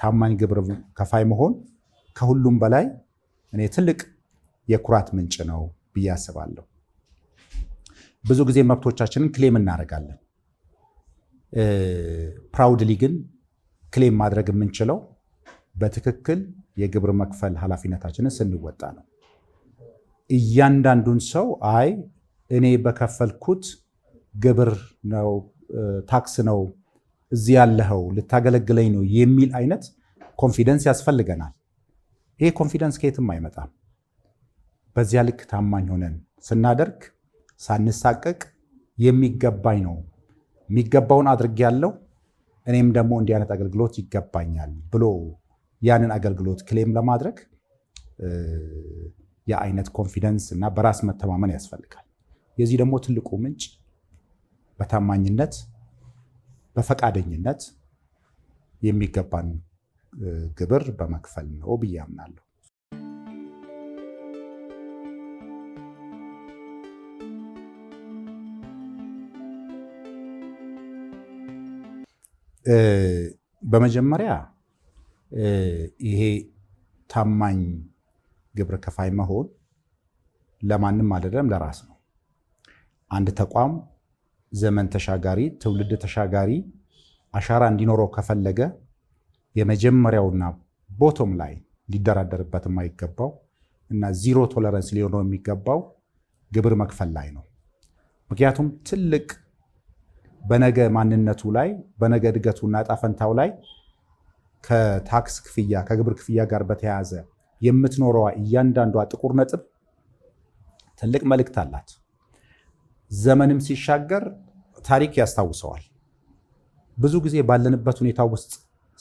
ታማኝ ግብር ከፋይ መሆን ከሁሉም በላይ እኔ ትልቅ የኩራት ምንጭ ነው ብዬ አስባለሁ። ብዙ ጊዜ መብቶቻችንን ክሌም እናደርጋለን። ፕራውድሊ ግን ክሌም ማድረግ የምንችለው በትክክል የግብር መክፈል ኃላፊነታችንን ስንወጣ ነው። እያንዳንዱን ሰው አይ እኔ በከፈልኩት ግብር ነው ታክስ ነው እዚህ ያለኸው ልታገለግለኝ ነው የሚል አይነት ኮንፊደንስ ያስፈልገናል። ይሄ ኮንፊደንስ ከየትም አይመጣም። በዚያ ልክ ታማኝ ሆነን ስናደርግ ሳንሳቀቅ የሚገባኝ ነው የሚገባውን ያለው እኔም ደግሞ እንዲህ አይነት አገልግሎት ይገባኛል ብሎ ያንን አገልግሎት ክሌም ለማድረግ የአይነት ኮንፊደንስ እና በራስ መተማመን ያስፈልጋል። የዚህ ደግሞ ትልቁ ምንጭ በታማኝነት በፈቃደኝነት የሚገባን ግብር በመክፈል ነው ብዬ አምናለሁ። በመጀመሪያ ይሄ ታማኝ ግብር ከፋይ መሆን ለማንም አይደለም፣ ለራስ ነው። አንድ ተቋም ዘመን ተሻጋሪ ትውልድ ተሻጋሪ አሻራ እንዲኖረው ከፈለገ የመጀመሪያውና ቦቶም ላይ ሊደራደርበት የማይገባው እና ዚሮ ቶለረንስ ሊሆነው የሚገባው ግብር መክፈል ላይ ነው። ምክንያቱም ትልቅ በነገ ማንነቱ ላይ በነገ እድገቱና ዕጣ ፈንታው ላይ ከታክስ ክፍያ ከግብር ክፍያ ጋር በተያያዘ የምትኖረዋ እያንዳንዷ ጥቁር ነጥብ ትልቅ መልእክት አላት። ዘመንም ሲሻገር ታሪክ ያስታውሰዋል። ብዙ ጊዜ ባለንበት ሁኔታ ውስጥ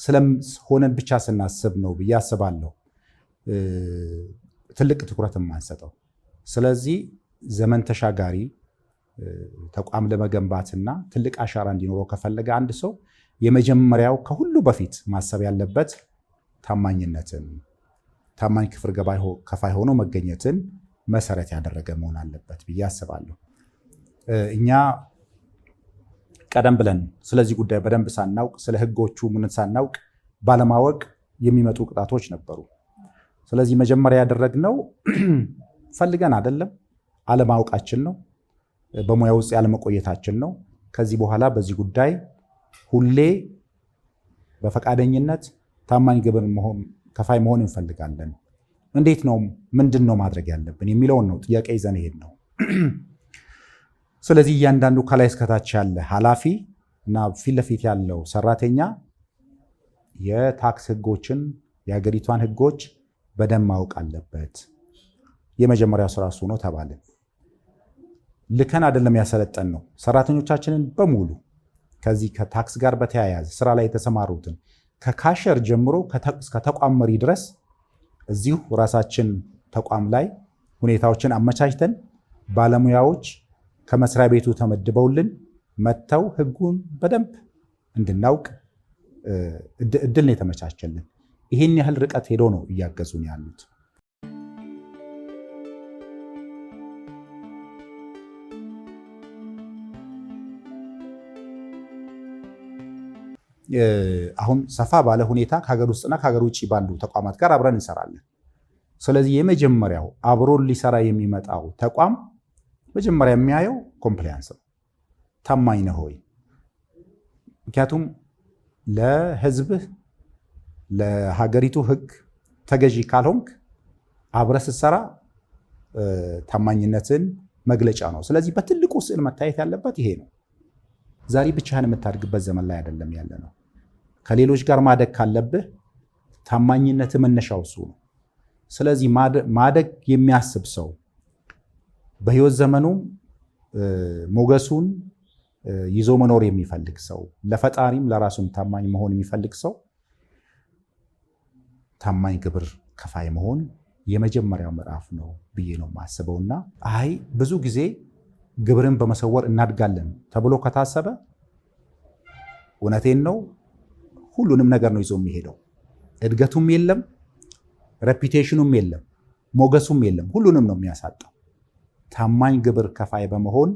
ስለሆነን ብቻ ስናስብ ነው ብዬ አስባለሁ ትልቅ ትኩረት የማንሰጠው። ስለዚህ ዘመን ተሻጋሪ ተቋም ለመገንባትና ትልቅ አሻራ እንዲኖረው ከፈለገ አንድ ሰው የመጀመሪያው ከሁሉ በፊት ማሰብ ያለበት ታማኝነትን፣ ታማኝ ክፍል ከፋይ ሆኖ መገኘትን መሰረት ያደረገ መሆን አለበት ብዬ አስባለሁ። እኛ ቀደም ብለን ስለዚህ ጉዳይ በደንብ ሳናውቅ ስለ ህጎቹ ምን ሳናውቅ ባለማወቅ የሚመጡ ቅጣቶች ነበሩ። ስለዚህ መጀመሪያ ያደረግነው ፈልገን አይደለም፣ አለማወቃችን ነው፣ በሙያ ውስጥ ያለመቆየታችን ነው። ከዚህ በኋላ በዚህ ጉዳይ ሁሌ በፈቃደኝነት ታማኝ ግብር ከፋይ መሆን እንፈልጋለን። እንዴት ነው ምንድን ነው ማድረግ ያለብን የሚለውን ነው ጥያቄ ይዘን ሄድ ነው። ስለዚህ እያንዳንዱ ከላይ እስከታች ያለ ኃላፊ እና ፊት ለፊት ያለው ሰራተኛ የታክስ ህጎችን የሀገሪቷን ህጎች በደንብ ማወቅ አለበት። የመጀመሪያው ስራ እሱ ነው ተባለ። ልከን አይደለም ያሰለጠን ነው ሰራተኞቻችንን በሙሉ ከዚህ ከታክስ ጋር በተያያዘ ስራ ላይ የተሰማሩትን ከካሸር ጀምሮ እስከ ተቋም መሪ ድረስ እዚሁ ራሳችን ተቋም ላይ ሁኔታዎችን አመቻችተን ባለሙያዎች ከመስሪያ ቤቱ ተመድበውልን መጥተው ህጉን በደንብ እንድናውቅ እድል ነው የተመቻቸልን። ይህን ያህል ርቀት ሄደው ነው እያገዙን ያሉት። አሁን ሰፋ ባለ ሁኔታ ከሀገር ውስጥና ከሀገር ውጭ ባሉ ተቋማት ጋር አብረን እንሰራለን። ስለዚህ የመጀመሪያው አብሮን ሊሰራ የሚመጣው ተቋም መጀመሪያ የሚያየው ኮምፕላያንስ ነው። ታማኝ ነህ ወይ? ምክንያቱም ለህዝብህ ለሀገሪቱ ህግ ተገዢ ካልሆንክ አብረህ ስትሰራ ታማኝነትን መግለጫ ነው። ስለዚህ በትልቁ ስዕል መታየት ያለበት ይሄ ነው። ዛሬ ብቻህን የምታድግበት ዘመን ላይ አይደለም ያለ ነው። ከሌሎች ጋር ማደግ ካለብህ ታማኝነት መነሻው እሱ ነው። ስለዚህ ማደግ የሚያስብ ሰው በህይወት ዘመኑም ሞገሱን ይዞ መኖር የሚፈልግ ሰው ለፈጣሪም ለራሱም ታማኝ መሆን የሚፈልግ ሰው ታማኝ ግብር ከፋይ መሆን የመጀመሪያው ምዕራፍ ነው ብዬ ነው የማስበው። እና አይ ብዙ ጊዜ ግብርን በመሰወር እናድጋለን ተብሎ ከታሰበ እውነቴን ነው፣ ሁሉንም ነገር ነው ይዞ የሚሄደው። እድገቱም የለም፣ ሬፒቴሽኑም የለም፣ ሞገሱም የለም። ሁሉንም ነው የሚያሳጣው። ታማኝ ግብር ከፋይ በመሆን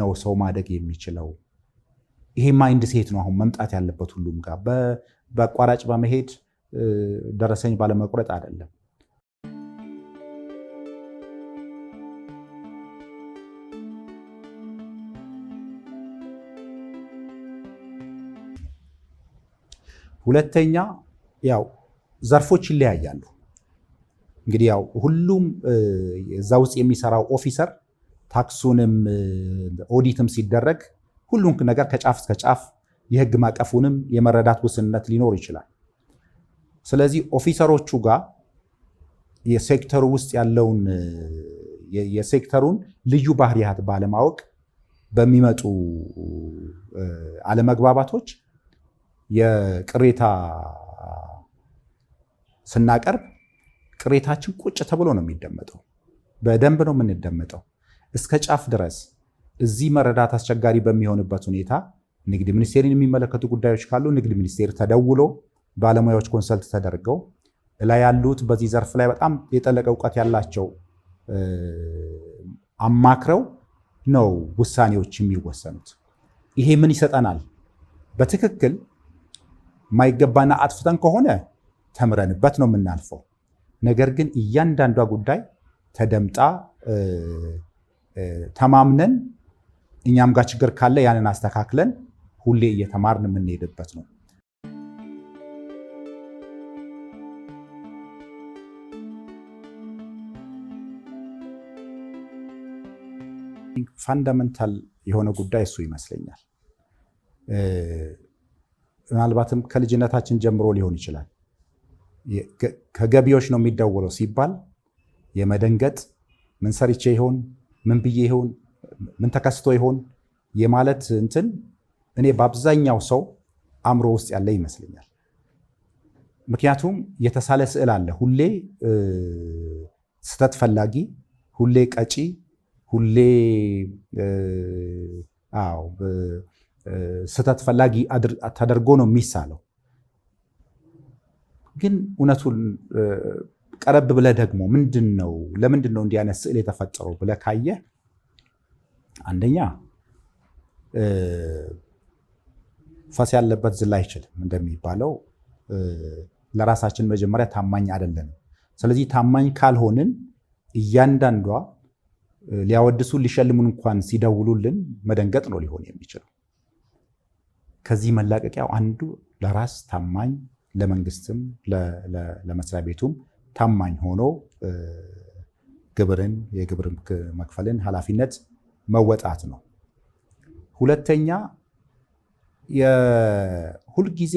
ነው ሰው ማደግ የሚችለው። ይሄ ማይንድ ሴት ነው አሁን መምጣት ያለበት ሁሉም ጋር። በአቋራጭ በመሄድ ደረሰኝ ባለመቁረጥ አይደለም። ሁለተኛ ያው ዘርፎች ይለያያሉ። እንግዲህ ያው ሁሉም እዛ ውስጥ የሚሰራው ኦፊሰር ታክሱንም ኦዲትም ሲደረግ ሁሉም ነገር ከጫፍ እስከ ጫፍ የህግ ማቀፉንም የመረዳት ውስንነት ሊኖር ይችላል። ስለዚህ ኦፊሰሮቹ ጋር የሴክተሩ ውስጥ ያለውን የሴክተሩን ልዩ ባህሪያት ባለማወቅ በሚመጡ አለመግባባቶች የቅሬታ ስናቀርብ ቅሬታችን ቁጭ ተብሎ ነው የሚደመጠው። በደንብ ነው የምንደመጠው እስከ ጫፍ ድረስ። እዚህ መረዳት አስቸጋሪ በሚሆንበት ሁኔታ ንግድ ሚኒስቴርን የሚመለከቱ ጉዳዮች ካሉ ንግድ ሚኒስቴር ተደውሎ ባለሙያዎች ኮንሰልት ተደርገው ላይ ያሉት በዚህ ዘርፍ ላይ በጣም የጠለቀ እውቀት ያላቸው አማክረው ነው ውሳኔዎች የሚወሰኑት። ይሄ ምን ይሰጠናል? በትክክል ማይገባና አጥፍተን ከሆነ ተምረንበት ነው የምናልፈው። ነገር ግን እያንዳንዷ ጉዳይ ተደምጣ ተማምነን እኛም ጋር ችግር ካለ ያንን አስተካክለን ሁሌ እየተማርን የምንሄድበት ነው። ፋንዳመንታል የሆነ ጉዳይ እሱ ይመስለኛል። ምናልባትም ከልጅነታችን ጀምሮ ሊሆን ይችላል። ከገቢዎች ነው የሚደወለው ሲባል የመደንገጥ ምን ሰርቼ ይሆን ምን ብዬ ይሆን ምን ተከስቶ ይሆን የማለት እንትን እኔ በአብዛኛው ሰው አእምሮ ውስጥ ያለ ይመስለኛል። ምክንያቱም የተሳለ ስዕል አለ። ሁሌ ስህተት ፈላጊ፣ ሁሌ ቀጪ፣ ሁሌ ስህተት ፈላጊ ተደርጎ ነው የሚሳለው። ግን እውነቱን ቀረብ ብለህ ደግሞ ምንድን ነው ለምንድን ነው እንዲህ አይነት ስዕል የተፈጠረው ብለህ ካየህ አንደኛ ፈስ ያለበት ዝላ አይችልም እንደሚባለው ለራሳችን መጀመሪያ ታማኝ አይደለንም። ስለዚህ ታማኝ ካልሆንን እያንዳንዷ ሊያወድሱን ሊሸልሙን እንኳን ሲደውሉልን መደንገጥ ነው ሊሆን የሚችለው። ከዚህ መላቀቂያው አንዱ ለራስ ታማኝ ለመንግስትም ለመስሪያ ቤቱም ታማኝ ሆኖ ግብርን የግብር መክፈልን ኃላፊነት መወጣት ነው። ሁለተኛ የሁልጊዜ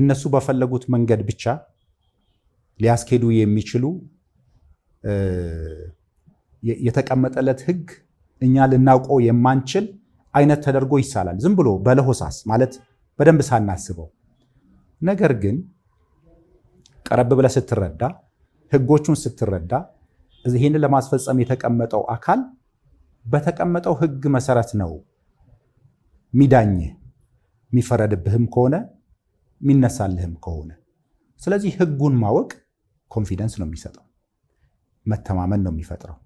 እነሱ በፈለጉት መንገድ ብቻ ሊያስኬዱ የሚችሉ የተቀመጠለት ህግ እኛ ልናውቀው የማንችል አይነት ተደርጎ ይሳላል። ዝም ብሎ በለሆሳስ ማለት በደንብ ሳናስበው ነገር ግን ቀረብ ብለህ ስትረዳ፣ ህጎቹን ስትረዳ ይህንን ለማስፈጸም የተቀመጠው አካል በተቀመጠው ህግ መሰረት ነው ሚዳኝህ የሚፈረድብህም ከሆነ የሚነሳልህም ከሆነ። ስለዚህ ህጉን ማወቅ ኮንፊደንስ ነው የሚሰጠው፣ መተማመን ነው የሚፈጥረው።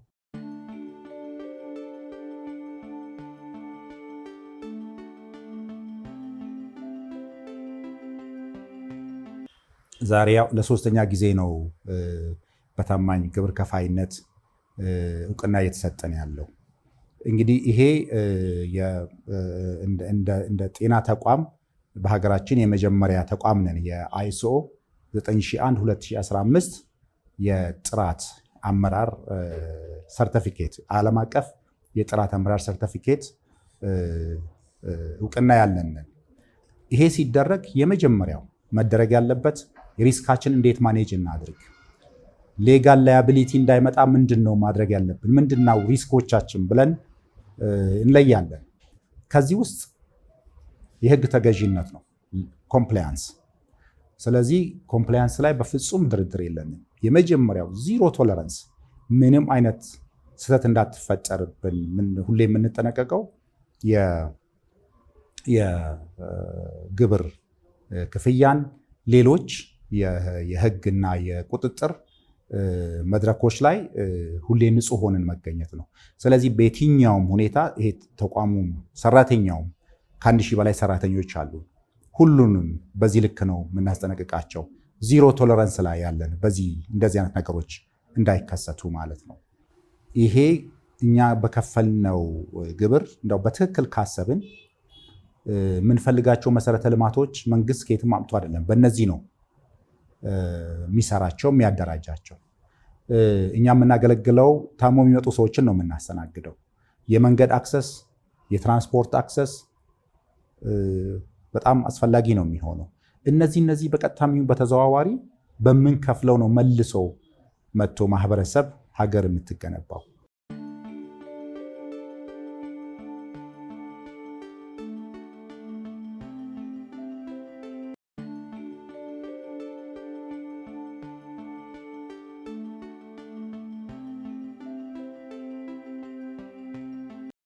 ዛሬ ያው ለሶስተኛ ጊዜ ነው በታማኝ ግብር ከፋይነት እውቅና እየተሰጠን ያለው። እንግዲህ ይሄ እንደ ጤና ተቋም በሀገራችን የመጀመሪያ ተቋም ነን። የአይሶ 9001 የጥራት አመራር ሰርተፊኬት ዓለም አቀፍ የጥራት አመራር ሰርተፊኬት እውቅና ያለንን ይሄ ሲደረግ የመጀመሪያው መደረግ ያለበት ሪስካችን እንዴት ማኔጅ እናድርግ፣ ሌጋል ላያቢሊቲ እንዳይመጣ ምንድን ነው ማድረግ ያለብን፣ ምንድናው ሪስኮቻችን ብለን እንለያለን። ከዚህ ውስጥ የህግ ተገዥነት ነው ኮምፕላያንስ። ስለዚህ ኮምፕላያንስ ላይ በፍጹም ድርድር የለንም። የመጀመሪያው ዚሮ ቶለረንስ፣ ምንም አይነት ስህተት እንዳትፈጠርብን ሁሌ የምንጠነቀቀው የግብር ክፍያን ሌሎች የህግና የቁጥጥር መድረኮች ላይ ሁሌ ንጹህ ሆነን መገኘት ነው። ስለዚህ በየትኛውም ሁኔታ ይሄ ተቋሙም ሰራተኛውም ከአንድ ሺህ በላይ ሰራተኞች አሉ። ሁሉንም በዚህ ልክ ነው የምናስጠነቅቃቸው። ዚሮ ቶለረንስ ላይ ያለን በዚህ እንደዚህ አይነት ነገሮች እንዳይከሰቱ ማለት ነው። ይሄ እኛ በከፈልነው ግብር እንደው በትክክል ካሰብን የምንፈልጋቸው መሰረተ ልማቶች መንግስት ከየትም አምጥቶ አይደለም፣ በእነዚህ ነው የሚሰራቸው የሚያደራጃቸው። እኛ የምናገለግለው ታሞ የሚመጡ ሰዎችን ነው የምናስተናግደው። የመንገድ አክሰስ፣ የትራንስፖርት አክሰስ በጣም አስፈላጊ ነው የሚሆነው። እነዚህ እነዚህ በቀጥታ የሚሆን በተዘዋዋሪ በምንከፍለው ነው መልሶ መጥቶ ማህበረሰብ ሀገር የምትገነባው።